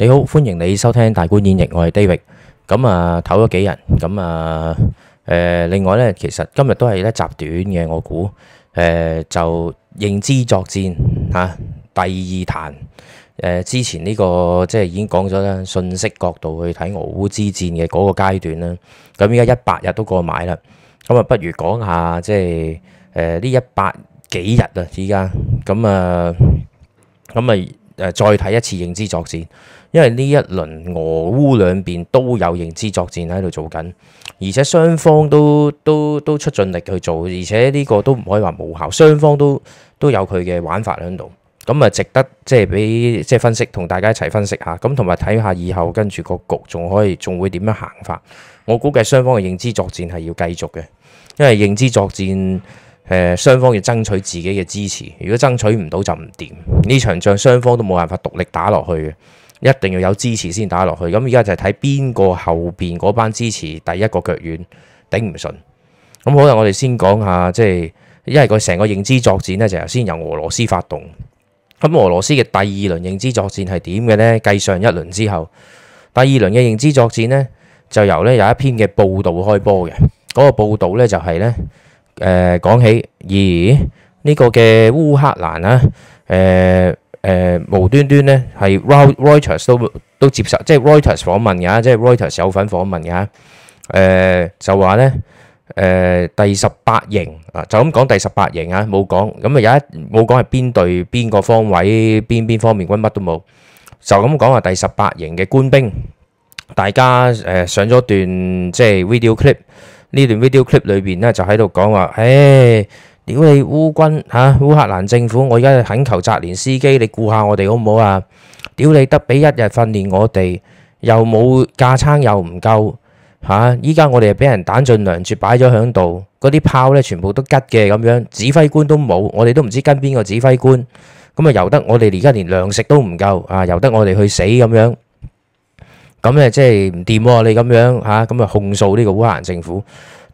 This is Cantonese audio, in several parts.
你好，歡迎你收聽《大觀演繹》，我係 David。咁、嗯、啊，唞咗幾日，咁啊，誒，另外咧，其實今日都係一集短嘅我估，誒、嗯，就認知作戰吓、啊，第二彈。誒、嗯，之前呢、這個即係已經講咗啦，信息角度去睇俄烏之戰嘅嗰個階段啦。咁而家一百日都過埋啦，咁、嗯、啊，不如講下即係誒呢一百幾日啊，依家咁啊，咁、嗯、啊，誒、嗯，再睇一次認知作戰。因為呢一輪俄烏兩邊都有認知作戰喺度做緊，而且雙方都都都出盡力去做，而且呢個都唔可以話無效。雙方都都有佢嘅玩法喺度，咁啊，值得即係俾即係分析同大家一齊分析下。咁同埋睇下以後跟住個局仲可以仲會點樣行法？我估計雙方嘅認知作戰係要繼續嘅，因為認知作戰誒，雙、呃、方要爭取自己嘅支持。如果爭取唔到就唔掂呢場仗，雙方都冇辦法獨力打落去嘅。一定要有支持先打落去，咁而家就睇邊個後邊嗰班支持第一個腳軟頂唔順，咁可能我哋先講下，即係因為佢成個認知作戰呢，就係先由俄羅斯發動，咁俄羅斯嘅第二輪認知作戰係點嘅呢？繼上一輪之後，第二輪嘅認知作戰呢，就由呢有一篇嘅報導開波嘅，嗰、嗰個報導呢就係、係、呢誒、呃、講起，咦呢、呢個嘅烏克蘭啊誒。呃誒無端端咧係 Reuters 都都接受，即係 Reuters 訪問㗎，即係 Reuters 有份訪問㗎。誒就話咧，誒第十八營啊，就咁講第十八營啊，冇講咁啊，有一冇講係邊隊、邊個方位、邊邊方面軍乜都冇，就咁講話第十八營嘅官兵，大家誒上咗段即係 video clip，呢段 video clip 裏邊咧就喺度講話，唉。屌你烏軍嚇、啊、烏克蘭政府，我而家就懇求澤連司機，你顧下我哋好唔好啊？屌你得俾一日訓練我哋，又冇架撐又唔夠嚇，依、啊、家我哋又俾人彈盡糧絕擺咗喺度，嗰啲炮呢全部都吉嘅咁樣，指揮官都冇，我哋都唔知跟邊個指揮官，咁啊由得我哋而家連糧食都唔夠啊，由得我哋去死咁樣，咁咧即係唔掂喎，你咁樣嚇咁啊控訴呢個烏克蘭政府。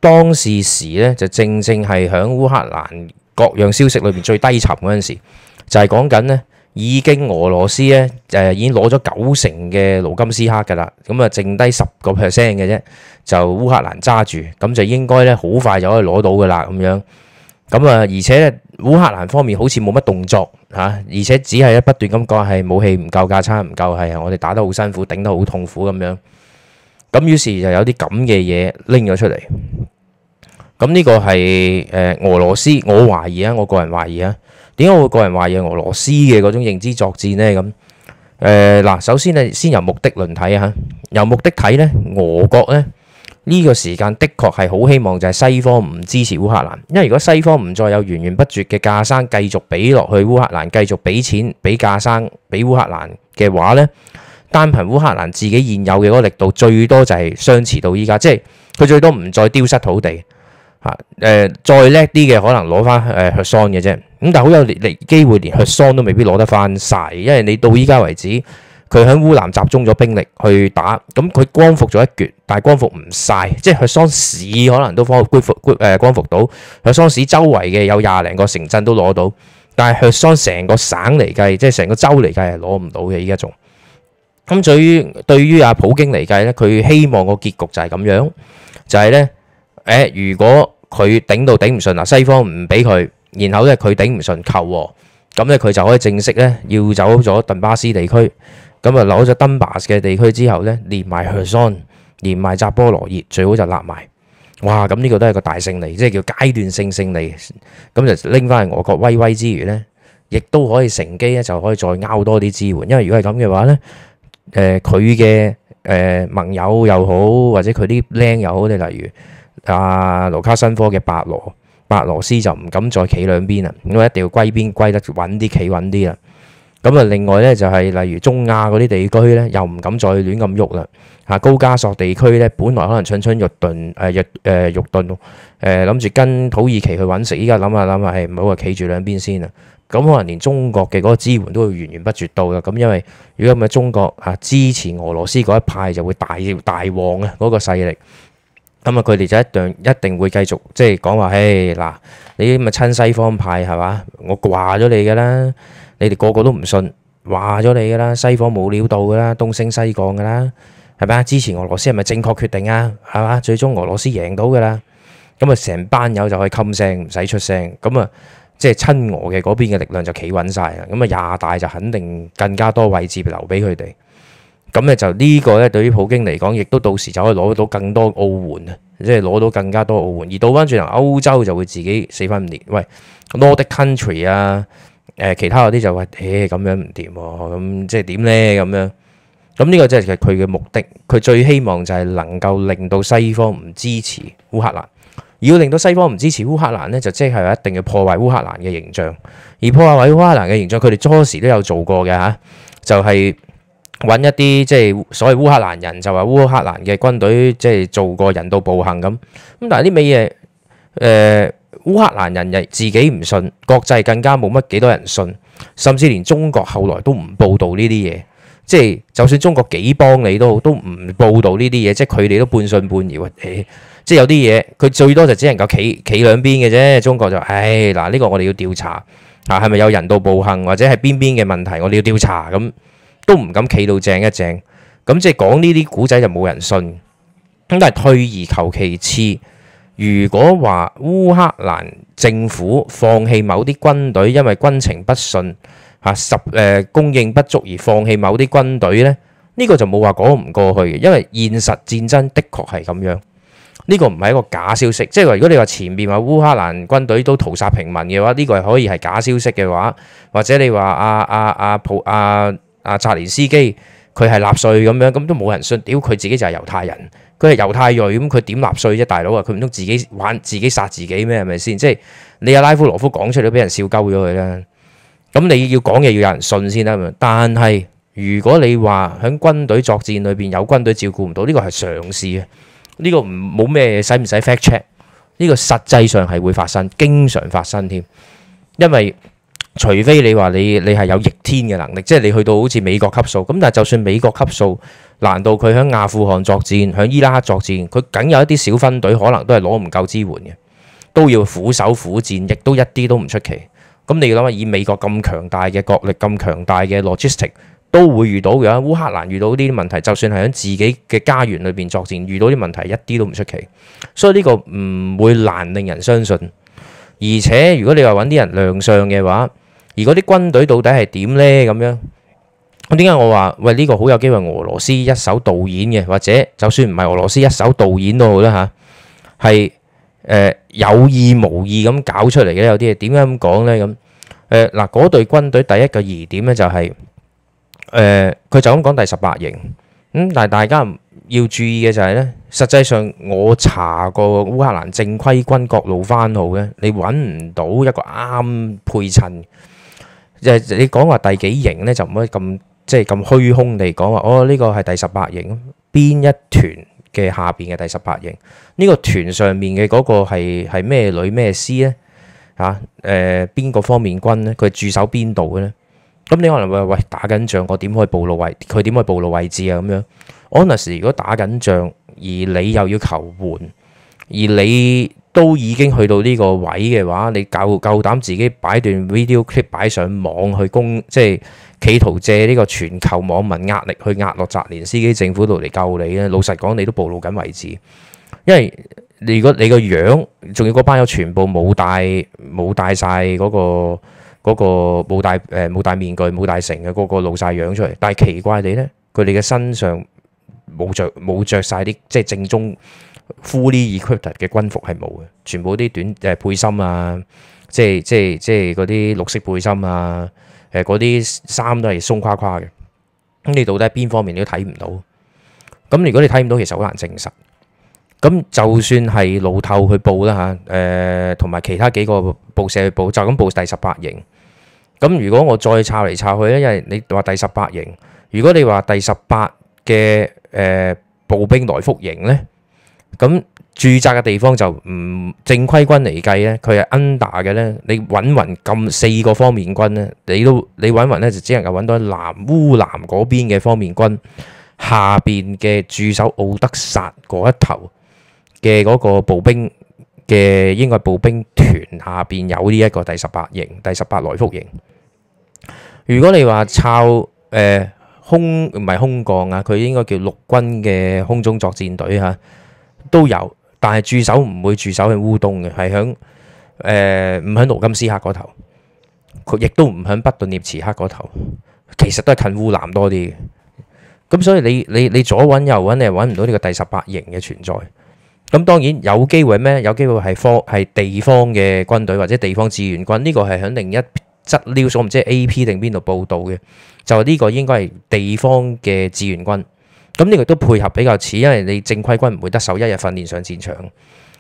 當時時咧，就正正係響烏克蘭各樣消息裏面最低沉嗰陣時，就係、係、講緊呢已經俄羅斯咧就已經攞咗九成嘅盧金斯克㗎啦，咁啊剩低十個 percent 嘅啫，就烏克蘭揸住，咁就應該咧好快就可以攞到㗎啦。咁樣咁啊，而且咧烏克蘭方面好似冇乜動作嚇、啊，而且只係不斷咁講係武器唔夠，價差唔夠，係我哋打得好辛苦，頂得好痛苦咁樣。咁於是就有啲咁嘅嘢拎咗出嚟。咁呢個係誒俄羅斯，我懷疑啊，我個人懷疑啊，點解我個人懷疑俄羅斯嘅嗰種認知作戰呢？咁誒嗱，首先呢，先由目的論睇吓，由目的睇呢，俄國呢，呢個時間的確係好希望就係西方唔支持烏克蘭，因為如果西方唔再有源源不絕嘅架生繼續俾落去烏克蘭，繼續俾錢俾架生俾烏克蘭嘅話呢，單憑烏克蘭自己現有嘅嗰個力度，最多就係相持到依家，即係佢最多唔再丟失土地。啊，誒再叻啲嘅可能攞翻誒赫桑嘅啫，咁但係好有力力機會連赫桑都未必攞得翻曬。因為你到依家為止，佢喺烏南集中咗兵力去打，咁佢光復咗一橛，但係光復唔曬，即係赫桑市可能都方恢復恢誒光復到，赫桑市周圍嘅有廿零個城鎮都攞到，但係赫桑成個省嚟計，即係成個州嚟計係攞唔到嘅，依家仲。咁至於對於阿普京嚟計咧，佢希望個結局就係咁樣，就係咧，誒如果。佢頂到頂唔順啊！西方唔俾佢，然後咧佢頂唔順求和，咁咧佢就可以正式咧要走咗頓巴斯地區。咁啊攞咗頓巴斯嘅地區之後咧，連埋赫山，連埋扎波羅熱，最好就擸埋。哇！咁呢個都係個大勝利，即係叫階段性勝利。咁就拎翻去俄國威威之餘咧，亦都可以乘機咧就可以再拗多啲支援。因為如果係咁嘅話咧，誒佢嘅誒盟友又好，或者佢啲僆又好，你例如。啊，盧卡申科嘅白羅白羅斯就唔敢再企兩邊啦，咁啊一定要歸邊歸得穩啲企穩啲啦。咁啊，另外咧就係例如中亞嗰啲地區咧，又唔敢再亂咁喐啦。啊，高加索地區咧，本來可能蠢蠢欲動誒欲誒欲動誒，諗住跟土耳其去揾食，依家諗下諗下，係唔好話企住兩邊先啦。咁可能連中國嘅嗰個支援都會源源不絕到啦。咁因為如果唔係中國啊支持俄羅斯嗰一派，就會大大旺啊嗰個勢力。咁啊，佢哋就一定一定會繼續即係講話，誒嗱，你咁啊親西方派係嘛？我話咗你噶啦，你哋個個都唔信，話咗你噶啦，西方冇料到噶啦，東升西降噶啦，係咪啊？之前俄羅斯係咪正確決定啊？係嘛？最終俄羅斯贏到噶啦，咁啊成班友就可以冚聲，唔使出聲，咁啊即係親俄嘅嗰邊嘅力量就企穩晒啦，咁啊廿大就肯定更加多位置留俾佢哋。咁咧就呢個咧，對於普京嚟講，亦都到時就可以攞到更多澳援啊，即係攞到更加多奧援。而倒翻轉頭，歐洲就會自己四分五裂。喂，Lord the country 啊，誒其他嗰啲就話，誒、欸、咁樣唔掂喎，咁即係點咧咁樣？咁呢個即係佢嘅目的，佢最希望就係能夠令到西方唔支持烏克蘭。如果令到西方唔支持烏克蘭咧，就即係一定要破壞烏克蘭嘅形象。而破壞烏克蘭嘅形象，佢哋初時都有做過嘅嚇，就係、是。揾一啲即係所謂烏克蘭人就話烏克蘭嘅軍隊即係做過人道暴行咁，咁但係啲咩嘢？誒、呃，烏克蘭人自己唔信，國際更加冇乜幾多人信，甚至連中國後來都唔報導呢啲嘢。即係就算中國幾幫你都都唔報導呢啲嘢，即係佢哋都半信半疑、哎。即係有啲嘢，佢最多就只能夠企企兩邊嘅啫。中國就誒嗱，呢、哎呢個我哋要調查啊，係咪有人道暴行或者係邊邊嘅問題？我哋要調查咁。都唔敢企到正一正，咁即係講呢啲古仔就冇人信咁，但係退而求其次。如果話烏克蘭政府放棄某啲軍隊，因為軍情不順嚇、十誒、供應不足而放棄某啲軍隊呢，呢、呢個就冇話講唔過去嘅，因為現實戰爭的確係咁樣。呢、呢個唔係一個假消息，即係如果你話前面話烏克蘭軍隊都屠殺平民嘅話，呢、呢個係可以係假消息嘅話，或者你話阿阿阿普阿。啊啊啊啊啊，澤連斯基佢係納粹咁樣，咁都冇人信。屌佢自己就係猶太人，佢係猶太裔咁，佢點納粹啫？大佬啊，佢唔通自己玩自己殺自己咩？係咪先？即係你阿拉夫羅夫講出嚟俾人笑鳩咗佢啦。咁你要講嘢要有人信先啦。但係如果你話喺軍隊作戰裏邊有軍隊照顧唔到，呢個係常事啊。呢個唔冇咩使唔使 fact check？呢個實際上係會發生，經常發生添，因為。除非你話你你係有逆天嘅能力，即係你去到好似美國級數咁，但係就算美國級數，難道佢喺阿富汗作戰，喺伊拉克作戰，佢梗有一啲小分隊可能都係攞唔夠支援嘅，都要苦手苦戰，亦都一啲都唔出奇。咁你諗下，以美國咁強大嘅國力，咁強大嘅 logistic，都會遇到嘅。如果烏克蘭遇到呢啲問題，就算係喺自己嘅家園裏邊作戰，遇到啲問題一啲都唔出奇。所以呢個唔會難令人相信。而且如果你話揾啲人亮相嘅話，而嗰啲軍隊到底係點呢？咁樣咁點解我話喂呢、呢個好有機會俄羅斯一手導演嘅，或者就算唔係俄羅斯一手導演都好啦吓，係、啊、誒、呃、有意無意咁搞出嚟嘅有啲嘢。點解咁講呢？咁誒嗱嗰隊軍隊第一個疑點咧就係誒佢就咁講第十八型，咁、嗯，但係大家要注意嘅就係、是、呢，實際上我查過烏克蘭正規軍各路番號嘅，你揾唔到一個啱配襯。你講話第幾營咧，就唔可以咁即係咁虛空地講話。哦，呢個係第十八營，邊一團嘅下邊嘅第十八營？呢、呢個團上面嘅嗰個係咩旅咩師咧？嚇、啊、誒，邊、呃、個方面軍咧？佢駐守邊度嘅咧？咁你可能會喂，打緊仗，我點可以暴露位？佢點可以暴露位置啊？咁樣，onus 如果打緊仗，而你又要求援，而你。都已經去到呢個位嘅話，你夠夠膽自己擺段 video clip 擺上網去攻，即係企圖借呢個全球網民壓力去壓落澤連斯基政府度嚟救你咧？老實講，你都暴露緊位置，因為你如果你個樣仲要嗰班友全部冇戴冇戴晒嗰個嗰個冇戴誒冇、呃、戴面具冇戴成嘅個、嗰個露晒樣出嚟，但係奇怪你呢，佢哋嘅身上冇着、冇着晒啲即係正宗。Fully equipped 嘅軍服係冇嘅，全部啲短誒背心啊，即係即係即係嗰啲綠色背心啊，誒嗰啲衫都係鬆垮垮嘅。咁你到底喺邊方面你都睇唔到。咁如果你睇唔到，其實好難證實。咁就算係路透去報啦，嚇誒，同埋其他幾個報社去報就咁報第十八營。咁如果我再抄嚟抄去咧，因為你話第十八營，如果你話第十八嘅誒步兵來福營咧。咁駐紮嘅地方就唔正規軍嚟計咧，佢係 under 嘅咧。你揾勻咁四個方面軍咧，你都你揾勻咧就只能夠揾到南烏南嗰邊嘅方面軍下邊嘅駐守奧德薩嗰一頭嘅嗰個步兵嘅應該步兵團下邊有呢一個第十八營、第十八來福營。如果你話抄誒空唔係空降啊，佢應該叫陸軍嘅空中作戰隊嚇。都有，但係駐守唔會駐守喺烏東嘅，係喺誒唔喺盧金斯克嗰頭，佢亦都唔喺北頓涅茨克嗰頭，其實都係近烏南多啲嘅。咁所以你你你左揾右揾，你係揾唔到呢個第十八營嘅存在。咁當然有機會咩？有機會係方係地方嘅軍隊或者地方志願軍，呢、這個係喺另一質料，所，唔知係 A P 定邊度報道嘅，就呢、是、個應該係地方嘅志願軍。咁呢個都配合比較似，因為你正規軍唔會得手一日訓練上戰場，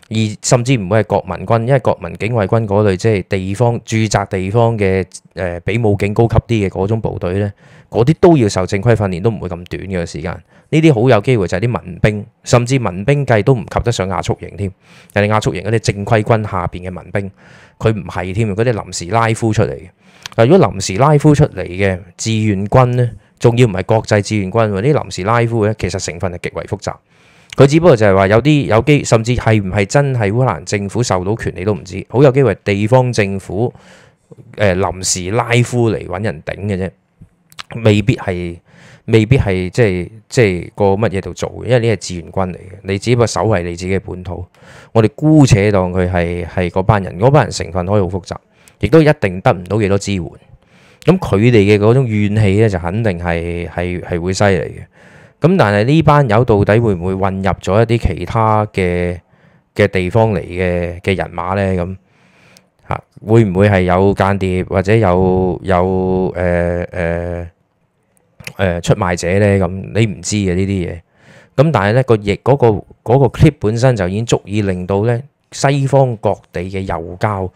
而甚至唔會係國民軍，因為國民警衛軍嗰類即係地方駐紮地方嘅誒，比武警高級啲嘅嗰種部隊呢，嗰啲都要受正規訓練，都唔會咁短嘅時間。呢啲好有機會就係啲民兵，甚至民兵計都唔及得上亞速營添。人哋亞速營嗰啲正規軍下邊嘅民兵，佢唔係添，嗰啲臨時拉夫出嚟嘅，如果臨時拉夫出嚟嘅志願軍咧？仲要唔係國際志願軍喎，啲臨時拉夫咧，其實成分係極為複雜。佢只不過就係話有啲有機，甚至係唔係真係烏蘭政府授到權，你都唔知。好有機會係地方政府誒、呃、臨時拉夫嚟揾人頂嘅啫，未必係未必係即係即係個乜嘢度做嘅，因為呢係志願軍嚟嘅，你只不過守衞你自己嘅本土。我哋姑且當佢係係嗰班人，嗰班人成分可以好複雜，亦都一定得唔到幾多支援。咁佢哋嘅嗰種怨氣咧，就肯定係係係會犀利嘅。咁但係呢班友到底會唔會混入咗一啲其他嘅嘅地方嚟嘅嘅人馬咧？咁嚇會唔會係有間諜或者有有誒誒誒出賣者咧？咁你唔知嘅呢啲嘢。咁但係咧個譯嗰、嗰個嗰個 clip 本身就已經足以令到咧。西方各地嘅右膠，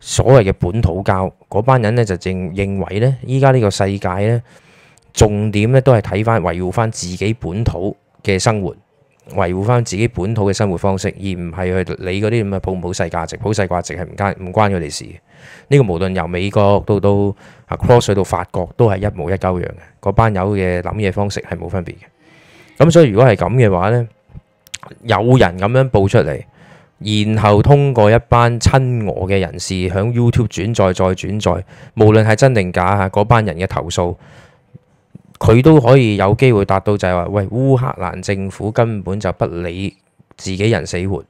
所謂嘅本土膠嗰班人呢，就正認為呢，依家呢個世界呢，重點呢都係睇翻維護翻自己本土嘅生活，維護翻自己本土嘅生活方式，而唔係去理嗰啲咁嘅普普世價值、普世價值係唔關唔關佢哋事呢，呢個無論由美國到到啊 cross 到法國，都係一模一鳩樣嘅。嗰班友嘅諗嘢方式係冇分別嘅。咁所以如果係咁嘅話呢，有人咁樣報出嚟。然後通過一班親俄嘅人士喺 YouTube 轉載再轉載，無論係真定假嚇，嗰班人嘅投訴，佢都可以有機會達到就係話：喂，烏克蘭政府根本就不理自己人死活。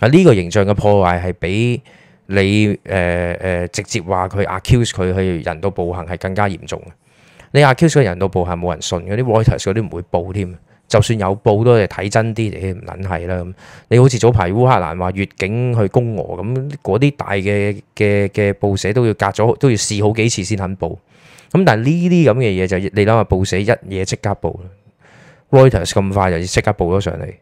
啊，呢個形象嘅破壞係比你誒誒、呃呃、直接話佢 accuse 佢去人道暴行係更加嚴重。你 accuse 佢人道暴行冇人信，有啲 Reuters 嗰啲唔會報添。就算有報都係睇真啲，你唔撚係啦咁。你好似早排烏克蘭話越境去攻俄咁，嗰啲大嘅嘅嘅報社都要隔咗，都要試好幾次先肯報。咁但係呢啲咁嘅嘢就你諗下，報社一嘢即刻報啦。Reuters 咁快就即刻報咗上嚟。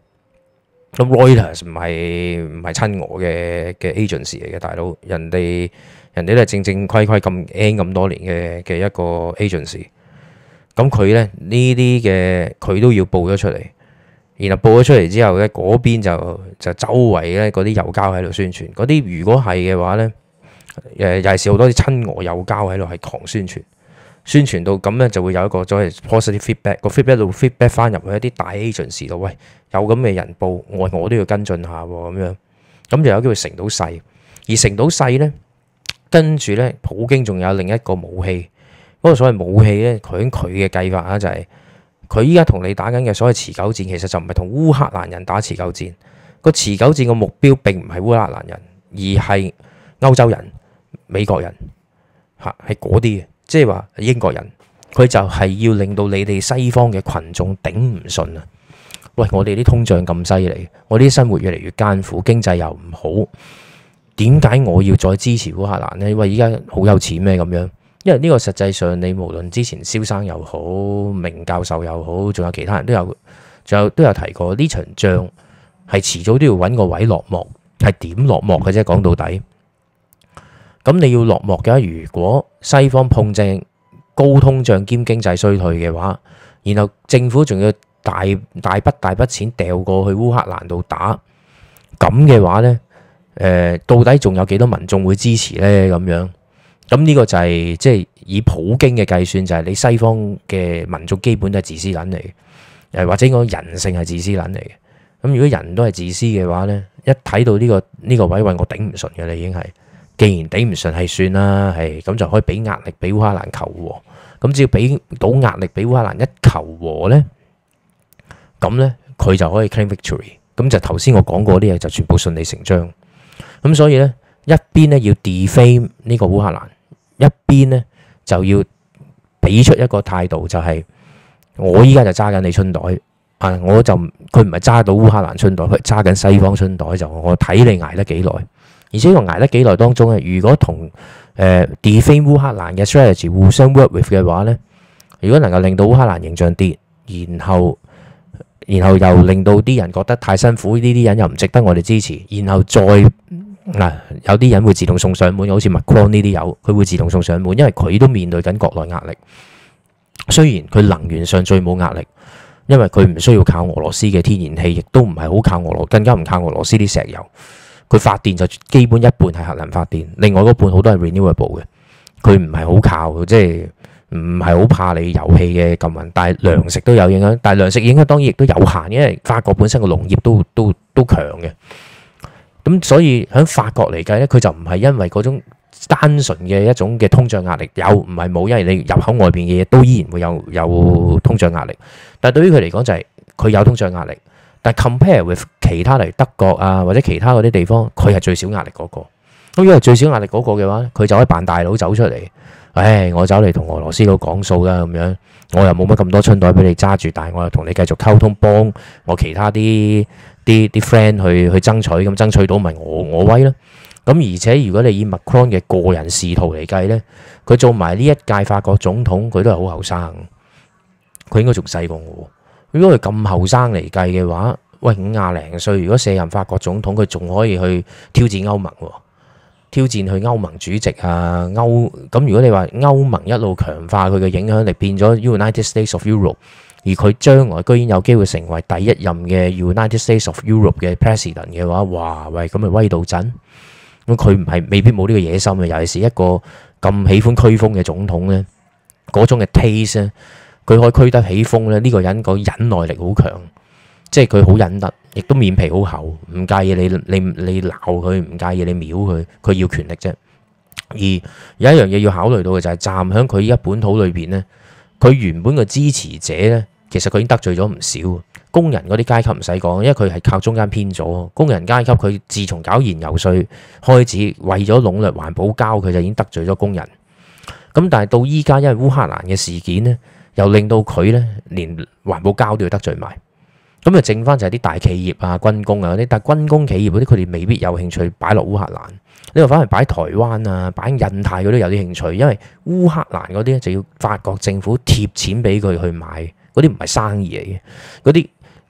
咁 Reuters 唔係唔係親俄嘅嘅 agency 嚟嘅，大佬，人哋人哋都係正正規規咁 end 咁多年嘅嘅一個 agency。咁佢咧呢啲嘅佢都要報咗出嚟，然後報咗出嚟之後咧，嗰邊就就周圍咧嗰啲油膠喺度宣傳，嗰啲如果係嘅話咧，誒尤其是好多啲親俄油膠喺度係狂宣傳，宣傳到咁咧就會有一個所謂 positive feedback，個 feedback 到 feedback 翻入去一啲大 agency 度，喂，有咁嘅人報，我我都要跟進下喎咁樣，咁就有機會成到勢，而成到勢咧，跟住咧普京仲有另一個武器。嗰個所謂武器咧，佢佢嘅計法啦，就係，就係佢依家同你打緊嘅所謂持久戰，其實就唔係同烏克蘭人打持久戰。個持久戰嘅目標並唔係烏克蘭人，而係歐洲人、美國人嚇，係嗰啲嘅，即係話英國人。佢就係要令到你哋西方嘅群眾頂唔順啊！喂，我哋啲通脹咁犀利，我啲生活越嚟越艱苦，經濟又唔好，點解我要再支持烏克蘭呢？喂，依家好有錢咩咁樣？因為呢個實際上你無論之前蕭生又好，明教授又好，仲有其他人都有，仲有都有提過呢場仗係遲早都要揾個位落幕，係點落幕嘅啫？講到底，咁你要落幕嘅話。如果西方碰正高通脹兼經濟衰退嘅話，然後政府仲要大大筆大筆錢掉過去烏克蘭度打，咁嘅話呢，誒、呃，到底仲有幾多民眾會支持呢？咁樣？咁呢個就係、是、即係以普京嘅計算，就係你西方嘅民族基本都係自私撚嚟嘅，誒或者我人性係自私撚嚟嘅。咁如果人都係自私嘅話咧，一睇到呢、這個呢、這個位位，我頂唔順嘅啦，已經係。既然頂唔順，係算啦，係咁就可以俾壓力俾烏克蘭求和。咁只要俾到壓力俾烏克蘭一求和咧，咁咧佢就可以 claim victory。咁就頭先我講過啲嘢就全部順理成章。咁所以咧一邊咧要 defame 呢個烏克蘭。一邊咧就要俾出一個態度，就係、是、我依家就揸緊你春袋，但我就佢唔係揸到烏克蘭春袋，佢揸緊西方春袋，就我睇你挨得幾耐。而且我挨得幾耐當中咧，如果同誒、呃、defame 烏克蘭嘅 strategy 互相 work with 嘅話咧，如果能夠令到烏克蘭形象跌，然後然後又令到啲人覺得太辛苦呢啲人又唔值得我哋支持，然後再嗱。啊有啲人會自動送上門，好似 Macron 呢啲友，佢會自動送上門，因為佢都面對緊國內壓力。雖然佢能源上最冇壓力，因為佢唔需要靠俄羅斯嘅天然氣，亦都唔係好靠俄羅斯，更加唔靠俄羅斯啲石油。佢發電就基本一半係核能發電，另外嗰半好多係 renewable 嘅。佢唔係好靠，即係唔係好怕你油氣嘅禁運，但係糧食都有影響。但係糧食影響當然亦都有限，因為法國本身嘅農業都都都強嘅。咁所以喺法國嚟計呢，佢就唔係因為嗰種單純嘅一種嘅通脹壓力有，唔係冇，因為你入口外邊嘅嘢都依然會有有通脹壓力。但對於佢嚟講就係、是、佢有通脹壓力，但 compare with 其他嚟德國啊或者其他嗰啲地方，佢係最少壓力嗰個。咁因為最少壓力嗰個嘅話，佢就可以扮大佬走出嚟。唉、哎，我走嚟同俄羅斯佬講數啦咁樣，我又冇乜咁多春袋俾你揸住，但係我又同你繼續溝通，幫我其他啲。啲啲 friend 去去爭取，咁爭取到咪我我威咯？咁而且如果你以 Macron 嘅個人仕途嚟計呢，佢做埋呢一屆法國總統，佢都係好後生，佢應該仲細過我。如果佢咁後生嚟計嘅話，喂，五廿零歲如果卸任法國總統，佢仲可以去挑戰歐盟，挑戰去歐盟主席啊，歐咁如果你話歐盟一路強化佢嘅影響力，變咗 United States of Europe。而佢將來居然有機會成為第一任嘅 United States of Europe 嘅 president 嘅話，哇！喂，咁咪威到震咁。佢唔係未必冇呢個野心嘅，尤其是一個咁喜歡驅風嘅總統咧，嗰種嘅 taste 咧，佢可以驅得起風咧。呢個人個忍耐力好強，即係佢好忍得，亦都面皮好厚，唔介意你你你鬧佢，唔介意你秒佢，佢要權力啫。而有一樣嘢要考慮到嘅就係站喺佢一本土裏邊咧，佢原本嘅支持者咧。其實佢已經得罪咗唔少工人嗰啲階級，唔使講，因為佢係靠中間偏左。工人階級佢自從搞燃油稅開始，為咗籠絡環保膠，佢就已經得罪咗工人。咁但係到依家，因為烏克蘭嘅事件咧，又令到佢咧連環保膠都要得罪埋。咁啊，剩翻就係啲大企業啊、軍工啊嗰啲，但係軍工企業嗰啲佢哋未必有興趣擺落烏克蘭，呢個反而擺台灣啊、擺印太嗰啲有啲興趣，因為烏克蘭嗰啲就要法國政府貼錢俾佢去買。嗰啲唔係生意嚟嘅，嗰啲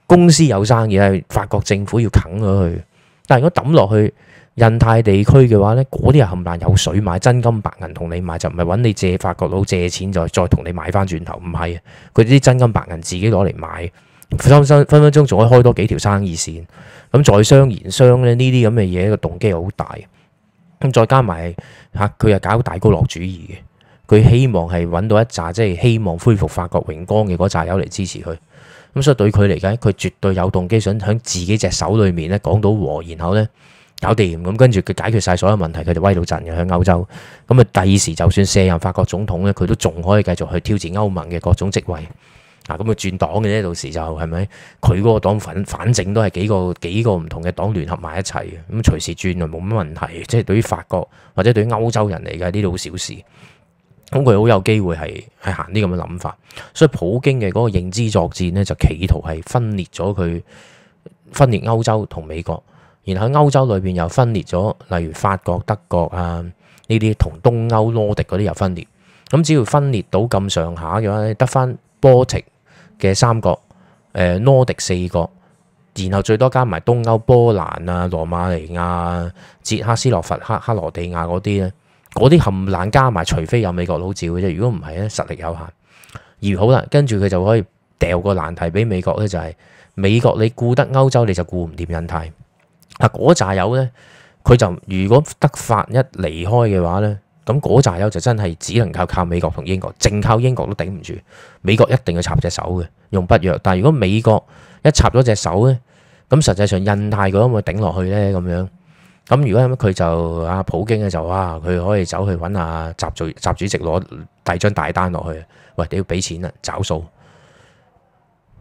公司有生意，係法國政府要啃咗佢。但係如果抌落去印太地區嘅話，呢嗰啲又冚唪唥有水買，真金白銀同你買，就唔係揾你借法國佬借錢再再同你買返轉頭。唔係，佢啲真金白銀自己攞嚟買，分分分鐘仲可以開多幾條生意線。咁在商言商呢啲咁嘅嘢，個動機好大。咁再加埋吓，佢、啊、又搞大高樂主義嘅。佢希望係揾到一紮即係希望恢復法國榮光嘅嗰扎友嚟支持佢，咁所以對佢嚟講，佢絕對有動機想喺自己隻手裏面咧講到和，然後呢搞掂。咁跟住佢解決晒所有問題，佢就威到震嘅喺歐洲。咁啊，第二時就算卸任法國總統咧，佢都仲可以繼續去挑戰歐盟嘅各種職位。啊，咁啊轉黨嘅咧，到時就係咪佢嗰個黨反正都係幾個幾個唔同嘅黨聯合埋一齊咁隨時轉啊冇乜問題。即係對於法國或者對於歐洲人嚟嘅呢啲好小事。咁佢好有機會係係行啲咁嘅諗法，所以普京嘅嗰個認知作戰呢，就企圖係分裂咗佢，分裂歐洲同美國，然後喺歐洲裏邊又分裂咗，例如法國、德國啊呢啲同東歐羅迪嗰啲又分裂。咁只要分裂到咁上下嘅話，得翻波捷嘅三國，誒羅迪四國，然後最多加埋東歐波蘭啊、羅馬尼亞、捷克、斯洛伐克、克羅地亞嗰啲咧。嗰啲冚冷加埋，除非有美國佬照嘅啫。如果唔係咧，實力有限。而好啦，跟住佢就可以掉個難題俾美國咧，就係美國你顧得歐洲，你就顧唔掂印太。嗱，嗰扎友咧，佢就如果德法一離開嘅話咧，咁嗰扎友就真係只能靠靠美國同英國，淨靠英國都頂唔住。美國一定要插隻手嘅，用不約。但係如果美國一插咗隻手咧，咁實際上印太嗰個會頂落去咧咁樣。咁如果佢就啊普京咧就哇佢可以走去揾下習主席攞第二張大單落去，喂你要俾錢啦找數，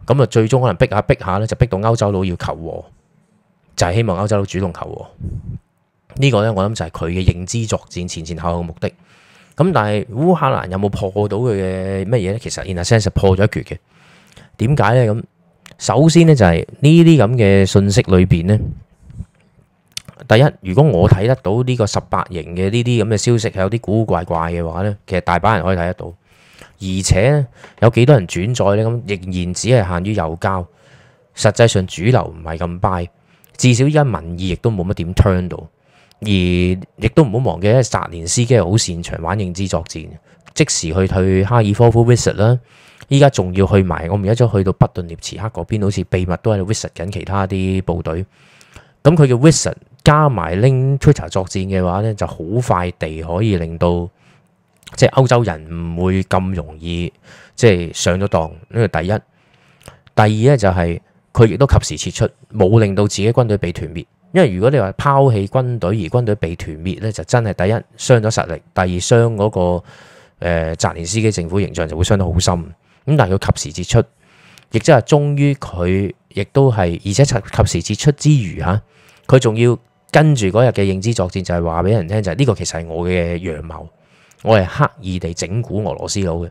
咁啊最終可能逼下逼下咧就逼到歐洲佬要求和，就係希望歐洲佬主動求和。呢個咧我諗就係佢嘅認知作戰前前後後嘅目的。咁但係烏克蘭有冇破到佢嘅乜嘢咧？其實 in a sense 破咗一橛嘅。點解咧？咁首先咧就係呢啲咁嘅信息裏邊咧。第一，如果我睇得到呢個十八型嘅呢啲咁嘅消息有啲古古怪怪嘅話呢，其實大把人可以睇得到，而且有幾多人轉載呢？咁仍然只係限於右膠，實際上主流唔係咁 buy。至少依家民意亦都冇乜點 turn 到，而亦都唔好忘記，因為澤連斯基係好擅長玩認知作戰，即時去退哈爾科夫 visit 啦，依家仲要去埋我唔記得咗去到北頓涅茨克嗰邊，好似秘密都喺度 visit 緊其他啲部隊，咁佢嘅 visit 加埋拎 Twitter 作戰嘅話咧，就好快地可以令到即係、就是、歐洲人唔會咁容易即係、就是、上咗當。呢個第一，第二咧就係佢亦都及時撤出，冇令到自己軍隊被團滅。因為如果你話拋棄軍隊而軍隊被團滅咧，就真係第一傷咗實力，第二傷嗰、那個誒澤、呃、連斯基政府形象就會傷得好深。咁但係佢及時撤出，亦即係終於佢亦都係，而且及及時撤出之餘嚇，佢仲要。跟住嗰日嘅認知作戰就係話俾人聽就係、是、呢、呢個其實係我嘅陽謀。我係刻意地整蠱俄羅斯佬嘅，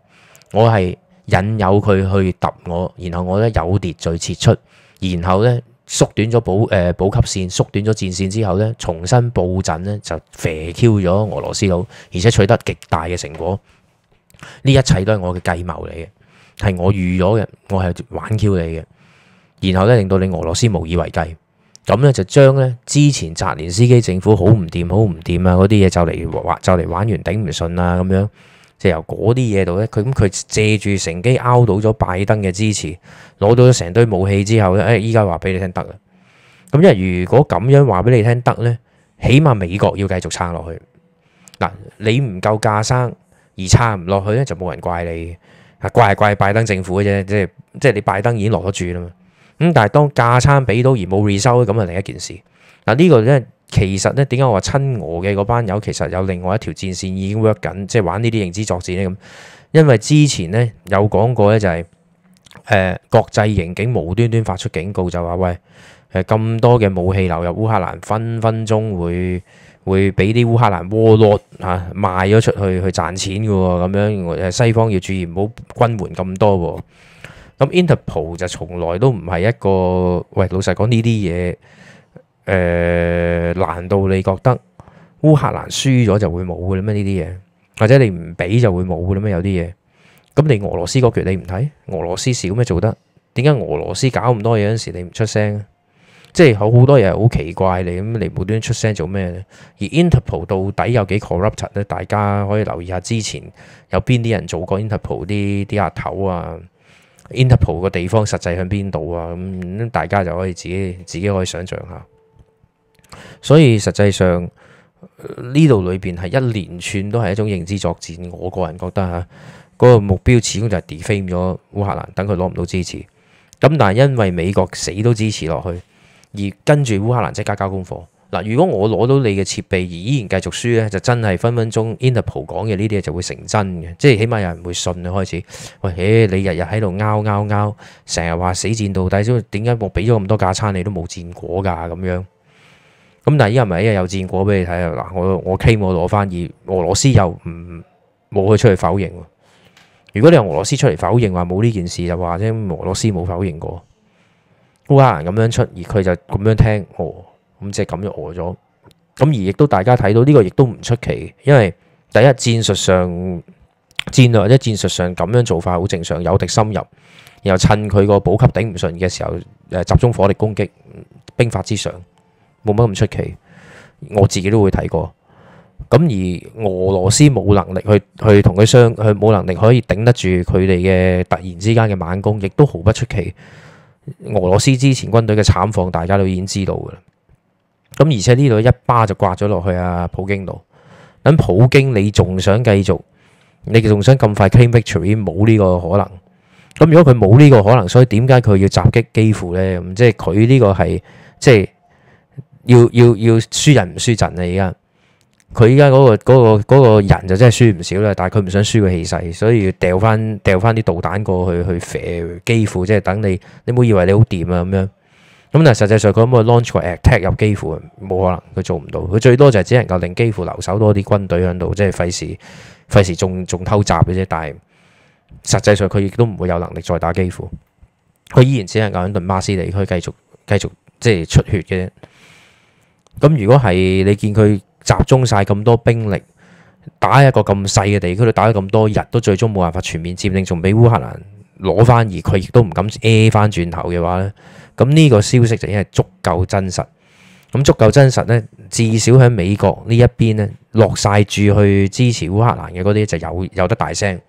我係引誘佢去揼我，然後我咧有秩序撤出，然後咧縮短咗補誒、呃、補給線，縮短咗戰線之後咧重新佈陣咧就肥 Q 咗俄羅斯佬，而且取得極大嘅成果。呢一切都係我嘅計謀嚟嘅，係我預咗嘅，我係玩 Q 你嘅，然後咧令到你俄羅斯無以為繼。咁咧就將咧之前澤連斯基政府好唔掂、好唔掂啊嗰啲嘢就嚟玩，就嚟玩完頂唔順啊咁樣，就由嗰啲嘢度咧，佢咁佢借住乘機撈到咗拜登嘅支持，攞到咗成堆武器之後咧，誒依家話俾你聽得啊！咁因為如果咁樣話俾你聽得咧，起碼美國要繼續撐落去。嗱，你唔夠架生而撐唔落去咧，就冇人怪你，啊怪係怪是拜登政府嘅啫，即係即係你拜登已經落咗注啦嘛。咁但係當價差俾到而冇回收咧，咁係另一件事。嗱、啊這個、呢個咧，其實咧，點解我話親俄嘅嗰班友其實有另外一條戰線已經 work 緊，即係玩呢啲認知作戰咧咁。因為之前咧有講過咧、就是，就係誒國際刑警無端端發出警告就，就話喂，誒咁多嘅武器流入烏克蘭，分分鐘會會俾啲烏克蘭 warlord 賣咗出去去賺錢嘅喎，咁樣，西方要注意唔好軍援咁多喎。咁 Interpol 就從來都唔係一個，喂，老實講呢啲嘢，誒、呃，難道你覺得烏克蘭輸咗就會冇嘅咩？呢啲嘢，或者你唔俾就會冇嘅咩？有啲嘢，咁你俄羅斯嗰橛你唔睇，俄羅斯少咩做得？點解俄羅斯搞咁多嘢嗰時你唔出聲？即係好好多嘢好奇怪嚟，咁你無端端出聲做咩咧？而 Interpol 到底有幾 corrupt 咧？大家可以留意下之前有邊啲人做過 Interpol 啲啲阿頭啊？Interpol 個地方實際喺邊度啊？咁大家就可以自己自己可以想象下。所以實際上呢度裏邊係一連串都係一種認知作戰。我個人覺得嚇嗰個目標始終就係 defame 咗烏克蘭，等佢攞唔到支持。咁但係因為美國死都支持落去，而跟住烏克蘭即刻交功課。嗱，如果我攞到你嘅設備而依然繼續輸咧，就真係分分鐘 Interpol 講嘅呢啲嘢就會成真嘅，即係起碼有人會信啊開始。喂、欸，你日日喺度拗拗拗，成日話死戰到底，所以點解我俾咗咁多架餐你都冇戰果㗎咁樣？咁但係依家咪一日有戰果俾你睇啊！嗱，我我 claim 我攞翻，而俄羅斯又唔冇去出去否認。如果你由俄羅斯出嚟否認話冇呢件事，就話、是、聲俄羅斯冇否認過。烏克蘭咁樣出，而佢就咁樣聽哦。咁即係咁樣餓咗，咁而都、這個、亦都大家睇到呢個，亦都唔出奇。因為第一戰術上、戰略或者戰術上咁樣做法好正常，有敵深入，然後趁佢個補給頂唔順嘅時候，誒集中火力攻擊兵法之上，冇乜咁出奇。我自己都會睇過。咁而俄羅斯冇能力去去同佢相，佢冇能力可以頂得住佢哋嘅突然之間嘅猛攻，亦都毫不出奇。俄羅斯之前軍隊嘅慘況，大家都已經知道㗎啦。咁而且呢度一巴就刮咗落去啊！普京度，等普京你仲想繼續，你仲想咁快 claim victory 冇呢個可能。咁如果佢冇呢個可能，所以點解佢要襲擊基輔呢？嗯、即係佢呢個係即係要要要輸人唔輸陣啊！而家佢依家嗰個嗰、嗰個、嗰個人就真係輸唔少啦，但係佢唔想輸個氣勢，所以要掉翻掉翻啲導彈過去去射基輔，即係等你，你唔好以為你好掂啊咁樣。咁但係實際上佢可唔可以 launch 個 attack 入基輔，冇可能，佢做唔到。佢最多就係只能夠令基輔留守多啲軍隊喺度，即係費事費事仲仲偷襲嘅啫。但係實際上佢亦都唔會有能力再打基輔。佢依然只能夠喺頓巴斯地區繼續繼續即係出血嘅。咁如果係你見佢集中晒咁多兵力打一個咁細嘅地區，打咗咁多日都最終冇辦法全面佔領，仲俾烏克蘭攞翻，而佢亦都唔敢 air 翻轉頭嘅話咧？咁呢個消息就已經係足夠真實，咁足夠真實呢，至少喺美國呢一邊咧落晒注去支持烏克蘭嘅嗰啲就有有得大聲，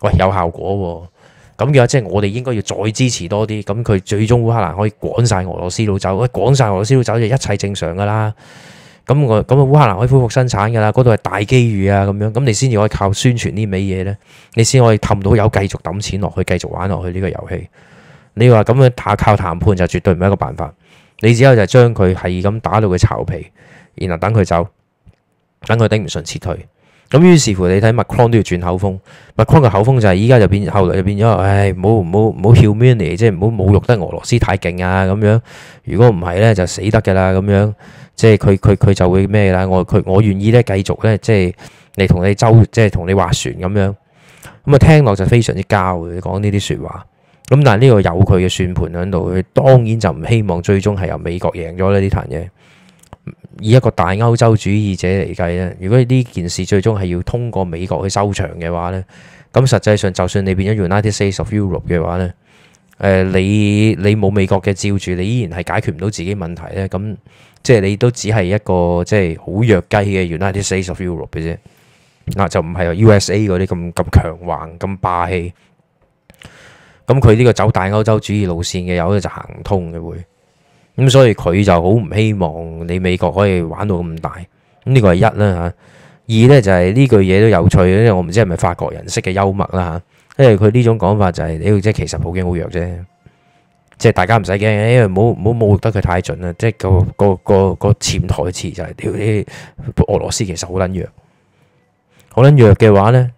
喂有效果喎、哦，咁嘅話即係我哋應該要再支持多啲，咁佢最終烏克蘭可以趕晒俄羅斯佬走，趕晒俄羅斯佬走就一切正常噶啦，咁我咁啊烏克蘭可以恢復生產噶啦，嗰度係大機遇啊咁樣，咁你先至可以靠宣傳呢味嘢呢，你先可以氹到有繼續抌錢落去，繼續玩落去呢、這個遊戲。你話，咁樣打，靠談判就絕對唔係一個辦法。你只有就將佢係咁打到佢巢皮，然後等佢走，等佢頂唔順撤退。咁於是乎，你睇 Macron 都要轉口風，Macron 嘅口風就係依家就變，後來就變咗，唉，唔好唔好唔好 humanely 即係唔好侮辱得俄羅斯太勁啊咁樣。如果唔係咧，就死得噶啦咁樣。即係佢佢佢就會咩啦？我佢我願意咧繼續咧，即係你同你周即係同你劃船咁樣。咁啊，聽落就非常之交嘅，講呢啲說話。咁但係呢個有佢嘅算盤喺度，佢當然就唔希望最終係由美國贏咗呢，呢壇嘢。以一個大歐洲主義者嚟計咧，如果呢件事最終係要通過美國去收場嘅話咧，咁實際上就算你變咗 United States of Europe 嘅話咧，誒、呃、你你冇美國嘅照住，你依然係解決唔到自己問題咧。咁即係你都只係一個即係好弱雞嘅 United States of Europe 嘅啫，嗱、啊、就唔係由 USA 嗰啲咁咁強橫、咁霸氣。咁佢呢個走大歐洲主義路線嘅，有啲就行唔通嘅會，咁所以佢就好唔希望你美國可以玩到咁大，呢個係一啦吓，二咧就係呢句嘢，都有趣，因為我唔知係咪法國人式嘅幽默啦吓，因為佢呢種講法就係，你即係其實普京好弱啫，即係大家唔使驚，因為唔好唔好侮辱得佢太準啦，即係個個個個潛台詞就係，俄羅斯其實好撚弱，好撚弱嘅話咧。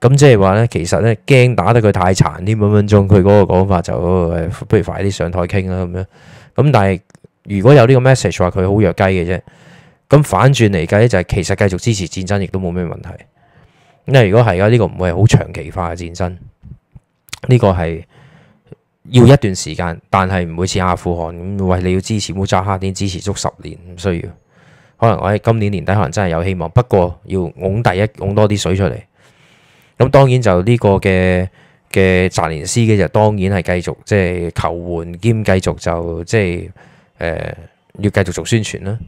咁即係話咧，其實咧驚打得佢太殘啲分分鐘，佢嗰個講法就、哎、不如快啲上台傾啦咁樣。咁但係如果有呢個 message 話佢好弱雞嘅啫，咁反轉嚟計就係其實繼續支持戰爭亦都冇咩問題。因為如果係嘅，呢、這個唔會係好長期化嘅戰爭。呢、這個係要一段時間，但係唔會似阿富汗咁，為你要支持穆賈希丁，你支持足十年唔需要。可能我喺今年年底可能真係有希望，不過要拱第一拱多啲水出嚟。咁當然就呢個嘅嘅澤連斯基就當然係繼續即係、就是、求援，兼繼續就即係誒要繼續做宣傳啦。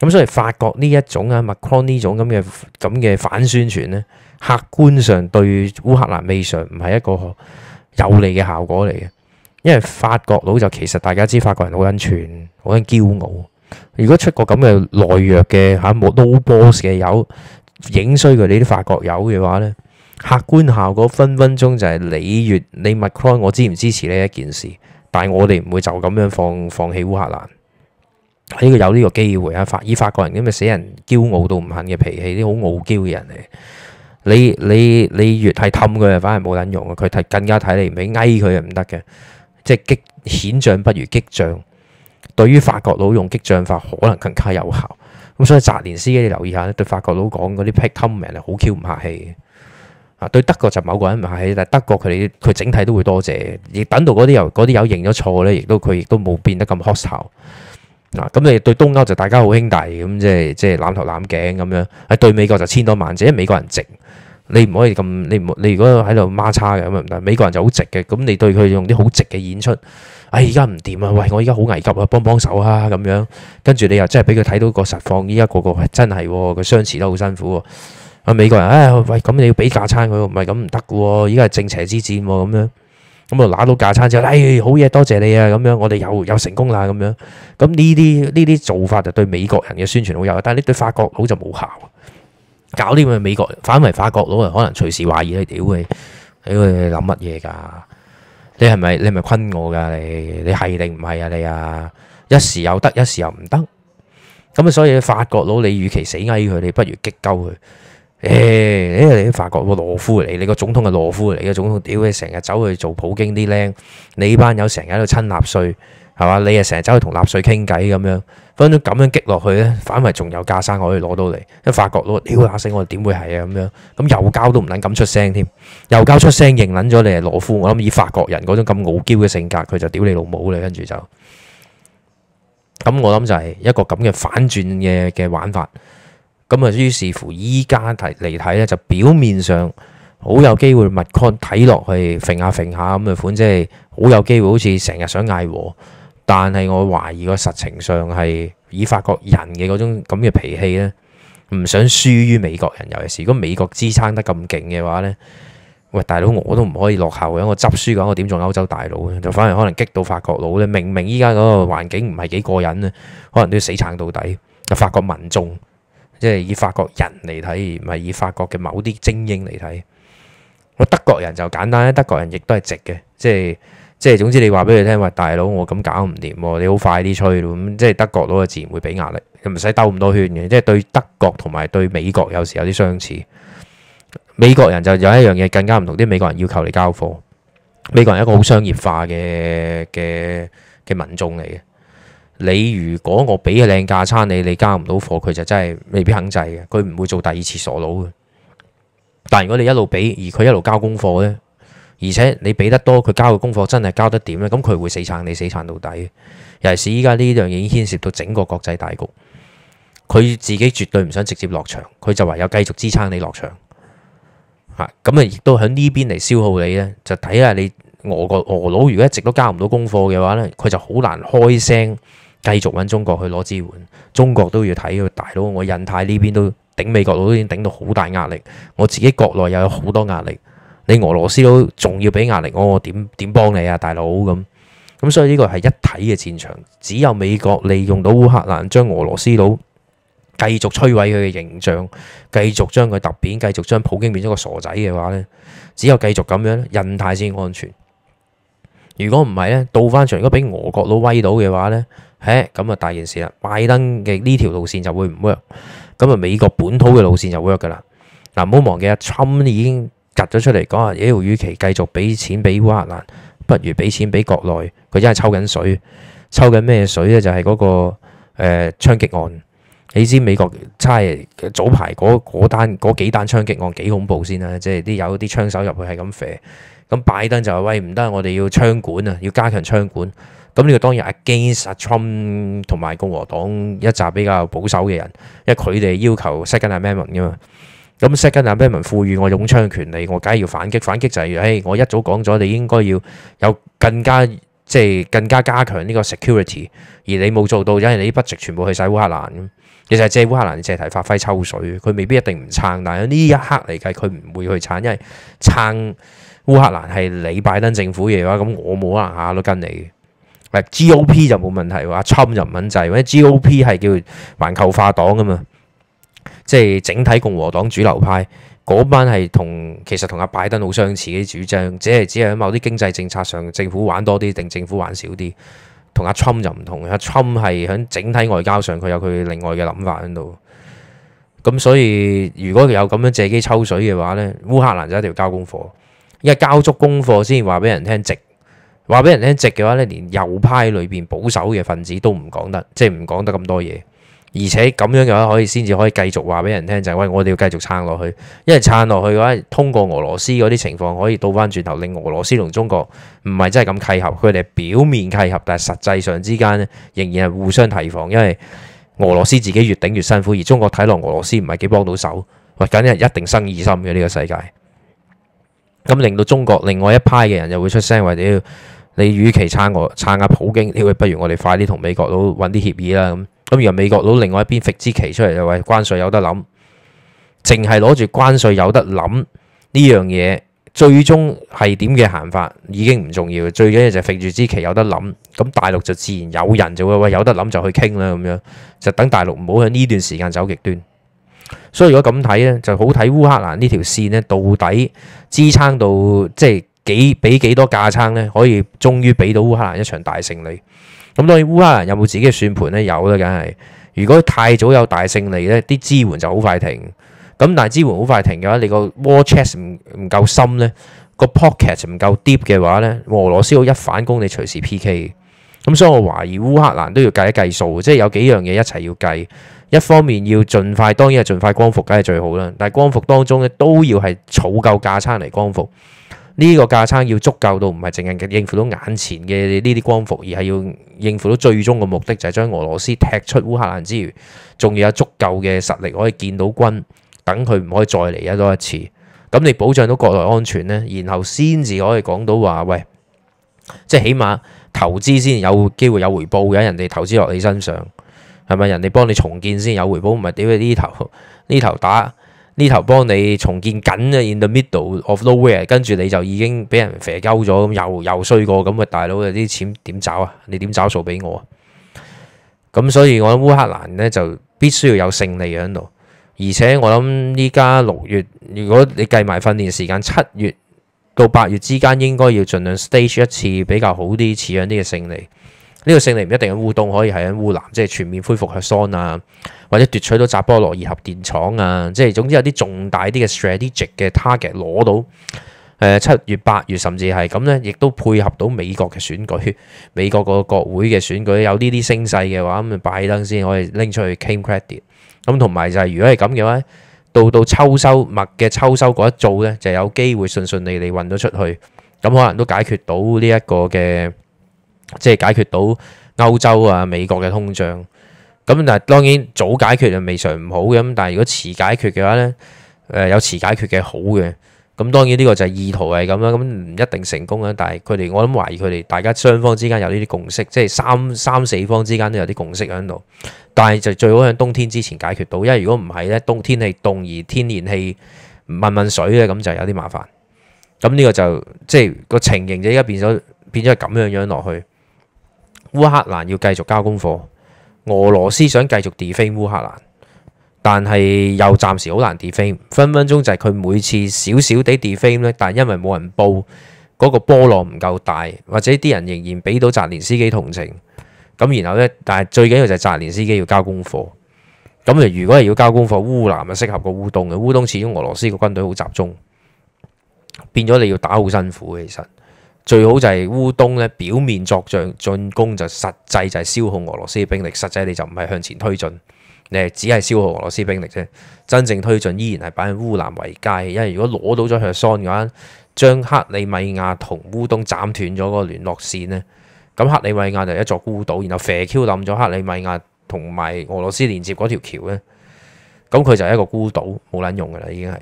咁所以法國呢一種啊，Macron 呢種咁嘅咁嘅反宣傳咧，客觀上對烏克蘭未嘗唔係一個有利嘅效果嚟嘅，因為法國佬就其實大家知法國人好撚串，好撚驕傲。如果出個咁嘅內弱嘅嚇冇、啊、l o、no、boss 嘅友影衰佢哋啲法國友嘅話咧。客觀效果分分鐘就係你越你 Macron，我支唔支持呢一件事？但係我哋唔會就咁樣放放棄烏克蘭。呢個有呢個機會啊！法以法國人咁咪死人驕傲到唔肯嘅脾氣，啲好傲嬌嘅人嚟。你你你越係氹佢，反而冇撚用佢睇更加睇你唔起，威佢又唔得嘅，即係激顯象不如激將。對於法國佬用激將法，可能更加有效。咁所以澤連斯基，你留意下咧，對法國佬講嗰啲 pet command 係好 Q 唔客氣啊，對德國就某個人唔係，但係德國佢哋佢整體都會多謝，亦等到嗰啲又啲有認咗錯咧，亦都佢亦都冇變得咁 hostile。咁、啊、你對東歐就大家好兄弟，咁即係即係攬頭攬頸咁樣。係對美國就千多萬謝，因為美國人直，你唔可以咁，你如果喺度孖叉嘅咁但美國人就好直嘅，咁你對佢用啲好直嘅演出，哎而家唔掂啊！喂，我而家好危急啊，幫幫手啊，咁樣。跟住你又真係俾佢睇到個實況，依家個個真係佢、哦、相持得好辛苦、哦。啊！美國人，唉、哎、喂，咁你要俾架餐佢，唔係咁唔得嘅。依家係正邪之戰咁樣，咁啊揦到架餐之後，唉、哎、好嘢，多謝你啊！咁樣我哋又又成功啦，咁樣咁呢啲呢啲做法就對美國人嘅宣傳好有，但係你對法國佬就冇效。搞呢個美國人反為法國佬，可能隨時懷疑你，屌你，你，你，你會諗乜嘢㗎？你係咪你係咪困我㗎？你你係定唔係啊？你啊一時又得，一時又唔得咁啊。所以法國佬，你與其死鶏佢，你不如激鳩佢。誒，你都發覺喎，羅夫嚟，你個總統係羅夫嚟嘅總統，屌你，成日走去做普京啲僆，你班友成日喺度親納粹，係嘛？你又成日走去同納粹傾偈咁樣，分咗咁樣激落去咧，反為仲有架生可以攞到嚟，一發覺喎，屌啊死我，點會係啊咁樣？咁又交都唔撚敢出聲添，又交出聲認撚咗你係羅夫，我諗以法國人嗰種咁傲嬌嘅性格，佢就屌你老母啦，跟住就，咁我諗就係一個咁嘅反轉嘅嘅玩法。咁啊，於是乎依家提嚟睇咧，就表面上好有機會馬克龍睇落去揈下揈下咁嘅款，即係好有機會，好似成日想嗌和。但係我懷疑個實情上係以法國人嘅嗰種咁嘅脾氣咧，唔想輸於美國人。尤其是如果美國支撐得咁勁嘅話咧，喂，大佬我都唔可以落後嘅，我執輸咁我點做歐洲大佬咧？就反而可能激到法國佬咧。明明依家嗰個環境唔係幾過癮啊，可能都要死撐到底。就法國民眾。即係以法國人嚟睇，唔係以法國嘅某啲精英嚟睇。我德國人就簡單啦，德國人亦都係直嘅，即係即係總之你話俾佢聽喂，大佬我咁搞唔掂，你好快啲吹咯。咁即係德國佬就自然會俾壓力，唔使兜咁多圈嘅。即係對德國同埋對美國有時有啲相似。美國人就有一樣嘢更加唔同，啲美國人要求你交貨。美國人係一個好商業化嘅嘅嘅民眾嚟嘅。如你如果我俾個靚價撐你，你交唔到貨，佢就真係未必肯制嘅。佢唔會做第二次傻佬嘅。但如果你一路俾，而佢一路交功課呢，而且你俾得多，佢交嘅功課真係交得點呢？咁佢會死撐你死撐到底。尤其是依家呢樣嘢已經牽涉到整個國際大局，佢自己絕對唔想直接落場，佢就唯有繼續支撐你落場嚇。咁、嗯、啊，亦都喺呢邊嚟消耗你呢？就睇下你俄國俄佬如果一直都交唔到功課嘅話呢，佢就好難開聲。繼續揾中國去攞支援，中國都要睇佢大佬。我印太呢邊都頂美國佬，都已經頂到好大壓力。我自己國內又有好多壓力，你俄羅斯佬仲要俾壓力我，我點點幫你啊，大佬咁。咁、嗯、所以呢個係一體嘅戰場，只有美國利用到烏克蘭，將俄羅斯佬繼續摧毀佢嘅形象，繼續將佢突變，繼續將普京變咗個傻仔嘅話呢，只有繼續咁樣，印太先安全。如果唔係咧，倒翻場如果俾俄國佬威到嘅話咧，嚇咁啊大件事啦！拜登嘅呢條路線就會唔 work，咁啊美國本土嘅路線就 work 噶啦。嗱、啊，唔好忘記啊，Trump 已經趌咗出嚟講啊，屌，與其繼續俾錢俾烏克蘭，不如俾錢俾國內。佢真係抽緊水，抽緊咩水咧？就係、是、嗰、那個誒、呃、槍擊案。你知美國真係早排嗰嗰單嗰幾單槍擊案幾恐怖先啦？即係啲有啲槍手入去係咁射。咁拜登就話：喂，唔得，我哋要槍管啊，要加強槍管。咁呢個當然 against Trump 同埋共和黨一集比較保守嘅人，因為佢哋要求 Second Amendment 㗎嘛。咁 Second Amendment 賦予我擁槍權利，我梗係要反擊，反擊就係、是，唉，我一早講咗，你應該要有更加即係更加加強呢個 security，而你冇做到，因為你啲 budget 全部去晒烏克蘭，其實係借烏克蘭借題發揮抽水。佢未必一定唔撐，但係呢一刻嚟計，佢唔會去撐，因為撐烏克蘭係你拜登政府嘅話，咁我冇可能下下都跟你嘅。G O P 就冇問題話，Trump 就唔肯制，因為 G O P 係叫環球化黨啊嘛，即係整體共和黨主流派嗰班係同其實同阿拜登好相似嘅主張，只係只係喺某啲經濟政策上，政府玩多啲定政府玩少啲，同阿 Trump 就唔同。阿 Trump 係喺整體外交上佢有佢另外嘅諗法喺度，咁所以如果有咁樣借機抽水嘅話呢烏克蘭就一定要交功課。因交足功課先話俾人聽，直話俾人聽直嘅話咧，連右派裏邊保守嘅分子都唔講得，即係唔講得咁多嘢。而且咁樣嘅話，可以先至可以繼續話俾人聽就係：喂，我哋要繼續撐落去。因為撐落去嘅話，通過俄羅斯嗰啲情況，可以倒翻轉頭令俄羅斯同中國唔係真係咁契合。佢哋表面契合，但係實際上之間仍然係互相提防。因為俄羅斯自己越頂越辛苦，而中國睇落俄羅斯唔係幾幫到手，喂，緊係一定生二心嘅呢個世界。咁令到中國另外一派嘅人又會出聲，話屌你，與其撐我撐下普京，你不如我哋快啲同美國佬揾啲協議啦。咁咁若美國佬另外一邊揈支旗出嚟，就話關稅有得諗，淨係攞住關稅有得諗呢樣嘢，最終係點嘅行法已經唔重要，最緊要就揈住支旗有得諗。咁大陸就自然有人就會話有得諗就去傾啦，咁樣就等大陸唔好喺呢段時間走極端。所以如果咁睇咧，就好睇烏克蘭呢條線呢，到底支撐到即係幾俾幾多架撐呢，可以終於俾到烏克蘭一場大勝利。咁當然烏克蘭有冇自己嘅算盤呢？有啦，梗係。如果太早有大勝利呢，啲支援就好快停。咁但係支援好快停嘅話，你個 war chest 唔唔夠深呢，個 pocket 唔夠 deep 嘅話呢，俄羅斯好一反攻你隨時 PK。咁所以我懷疑烏克蘭都要計一計數，即係有幾樣嘢一齊要計。一方面要盡快，當然係盡快光復，梗係最好啦。但係光復當中咧，都要係儲夠架撐嚟光復。呢個架撐要足夠到，唔係淨係應付到眼前嘅呢啲光復，而係要應付到最終嘅目的，就係將俄羅斯踢出烏克蘭之餘，仲要有足夠嘅實力可以見到軍，等佢唔可以再嚟一多一次。咁你保障到國內安全呢，然後先至可以講到話，喂，即係起碼投資先有機會有回報嘅，人哋投資落你身上。係咪人哋幫你重建先有回報？唔係屌你呢頭，呢頭打呢頭幫你重建緊啊！In the middle of nowhere，跟住你就已經俾人肥鳩咗咁，又又衰過咁啊！大佬啊，啲錢點找啊？你點找數俾我啊？咁所以，我諗烏克蘭呢就必須要有勝利喺度。而且我諗依家六月，如果你計埋訓練時間，七月到八月之間，應該要盡量 stage 一次比較好啲、似樣啲嘅勝利。呢個勝利唔一定喺烏東，可以係喺烏南，即係全面恢復核酸啊，或者奪取到扎波羅熱核電廠啊，即係總之有啲重大啲嘅 strategic 嘅 target 攞到。誒七月八月甚至係咁咧，亦都配合到美國嘅選舉，美國個國會嘅選舉有呢啲聲勢嘅話，咁拜登先可以拎出去 claim credit。咁同埋就係如果係咁嘅話，到到秋收麥嘅秋收嗰一造咧，就有機會順順利利運到出去，咁可能都解決到呢一個嘅。即係解決到歐洲啊、美國嘅通脹，咁但係當然早解決就未嘗唔好嘅，咁但係如果遲解決嘅話咧，誒、呃、有遲解決嘅好嘅，咁、嗯、當然呢個就係意圖係咁樣，咁唔一定成功啦，但係佢哋我諗懷疑佢哋大家雙方之間有呢啲共識，即係三三四方之間都有啲共識喺度，但係就最好喺冬天之前解決到，因為如果唔係咧，冬天氣凍而天然氣唔問問水咧，咁就有啲麻煩，咁呢個就即係個情形就依家變咗變咗係咁樣樣落去。烏克蘭要繼續交功課，俄羅斯想繼續 defame 烏克蘭，但係又暫時好難 defame，分分鐘就係佢每次少少地 defame 呢，但係因為冇人報嗰、那個波浪唔夠大，或者啲人仍然俾到澤連斯基同情，咁然後呢，但係最緊要就係澤連斯基要交功課，咁如果係要交功課，烏南咪適合過烏東嘅，烏東始終俄羅斯個軍隊好集中，變咗你要打好辛苦其實。最好就係烏東咧，表面作狀，進攻，就實際就係消耗俄羅斯兵力。實際你就唔係向前推進，你係只係消耗俄羅斯兵力啫。真正推進依然係擺喺烏南為佳，因為如果攞到咗 Kherson 嘅話，將克里米亞同烏東斬斷咗嗰個聯絡線咧，咁克里米亞就一座孤島，然後 firebase 冧咗克里米亞同埋俄羅斯連接嗰條橋咧，咁佢就係一個孤島，冇撚用㗎喇，已經係。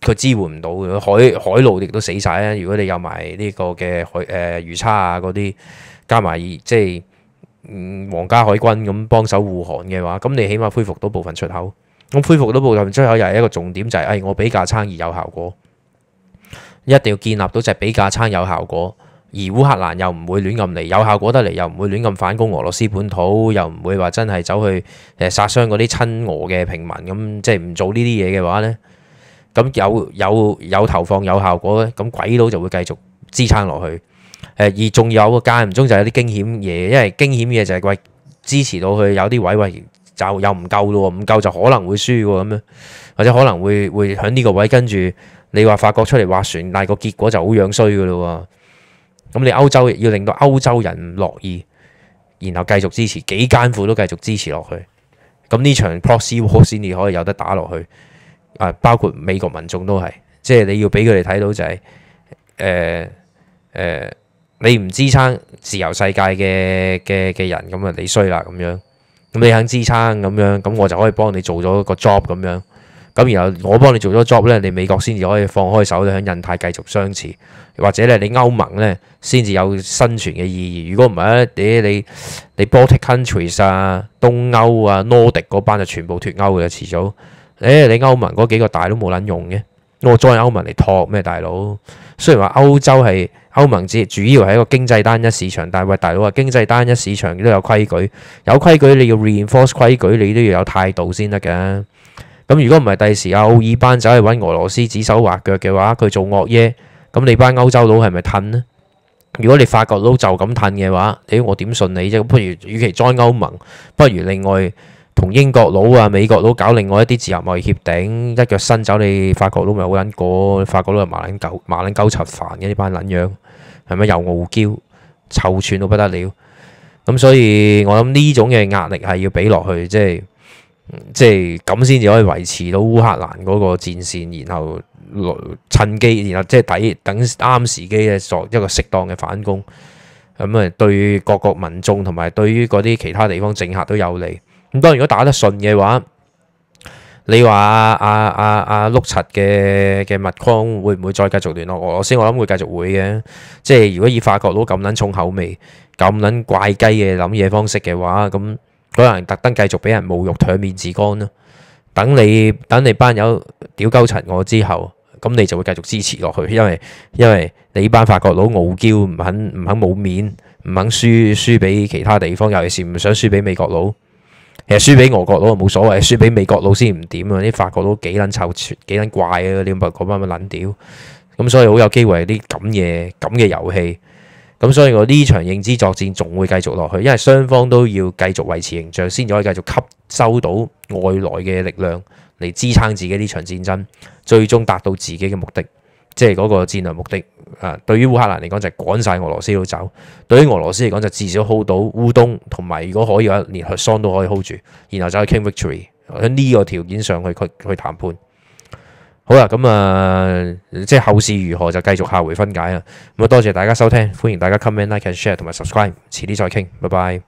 佢支援唔到嘅，海海路亦都死晒啦。如果你有埋呢個嘅海誒、呃、魚叉啊嗰啲，加埋即係皇家海軍咁幫手護航嘅話，咁你起碼恢復到部分出口。咁恢復到部分出口又係一個重點、就係，就、哎、係我比價差而有效果。一定要建立到就係比價差有效果，而烏克蘭又唔會亂咁嚟有效果得嚟，又唔會亂咁反攻俄羅斯本土，又唔會話真係走去誒殺傷嗰啲親俄嘅平民，咁即係唔做呢啲嘢嘅話咧。咁有有有投放有效果咧，咁鬼佬就會繼續支撐落去。誒，而仲有個間唔中就有啲驚險嘢，因為驚險嘢就係為支持到佢有啲位，為就又唔夠咯，唔夠就可能會輸喎咁樣，或者可能會會喺呢個位跟住你話法國出嚟划船，但係個結果就好樣衰噶咯喎。咁你歐洲要令到歐洲人唔樂意，然後繼續支持幾艱苦都繼續支持落去，咁呢場 proxy war 先至可以有得打落去。包括美國民眾都係，即係你要俾佢哋睇到就係、是，誒、呃、誒、呃，你唔支撐自由世界嘅嘅嘅人，咁啊你衰啦咁樣。咁你肯支撐咁樣，咁我就可以幫你做咗個 job 咁樣。咁然後我幫你做咗 job 咧，你美國先至可以放開手你喺印太繼續相持，或者咧你歐盟咧先至有生存嘅意義。如果唔係咧，啲你你 Baltic countries 啊、東歐啊、Nordic 嗰班就全部脫歐嘅，遲早。誒、哎，你歐盟嗰幾個大佬都冇撚用嘅，我再歐盟嚟托咩大佬？雖然話歐洲係歐盟主要係一個經濟單一市場，但係喂大佬啊，經濟單一市場都有規矩，有規矩你要 reinforce 規矩，你都要有態度先得嘅。咁如果唔係第時歐爾班走去揾俄羅斯指手畫腳嘅話，佢做惡嘢。咁你班歐洲佬係咪褪呢？如果你法國佬就咁褪嘅話，屌、哎、我點信你啫？不如與其再歐盟，不如另外。同英國佬啊、美國佬搞另外一啲自由貿易協定，一腳伸走你法國佬咪好撚過？法國佬又麻撚鳩、麻撚鳩柒煩嘅呢班撚樣，係咪又傲嬌、臭寸到不得了？咁所以我諗呢種嘅壓力係要俾落去，即係即係咁先至可以維持到烏克蘭嗰個戰線，然後趁機，然後即係抵等啱時機咧，作一個適當嘅反攻。咁啊，對各國民眾同埋對於嗰啲其他地方政客都有利。咁當然，如果打得順嘅話，你話阿阿阿碌柒嘅嘅物框會唔會再繼續聯絡我俄羅斯？我諗會繼續會嘅。即係如果以法國佬咁撚重口味、咁撚、嗯、怪雞嘅諗嘢方式嘅話，咁可能特登繼續俾人侮辱，抌面自乾啦。等你等你班友屌鳩柒我之後，咁你就會繼續支持落去，因為因為你班法國佬傲嬌，唔肯唔肯冇面，唔肯輸輸俾其他地方，尤其是唔想輸俾美國佬。其實輸俾俄國佬冇所謂，輸俾美國佬先唔點啊！啲法國佬幾捻臭，幾捻怪啊！你唔係講翻乜捻屌？咁所以好有機會啲咁嘢咁嘅遊戲，咁所以我呢場認知作戰仲會繼續落去，因為雙方都要繼續維持形象，先至可以繼續吸收到外來嘅力量嚟支撐自己呢場戰爭，最終達到自己嘅目的，即係嗰個戰略目的。啊！對於烏克蘭嚟講就趕晒俄羅斯都走，對於俄羅斯嚟講就至少 hold 到烏東，同埋如果可以嘅連克桑都可以 hold 住，然後就去 claim victory 喺呢個條件上去去去談判。好啦，咁、嗯、啊，即係後事如何就繼續下回分解啊！咁啊，多謝大家收聽，歡迎大家 comment、like and share、share 同埋 subscribe，遲啲再傾，拜拜。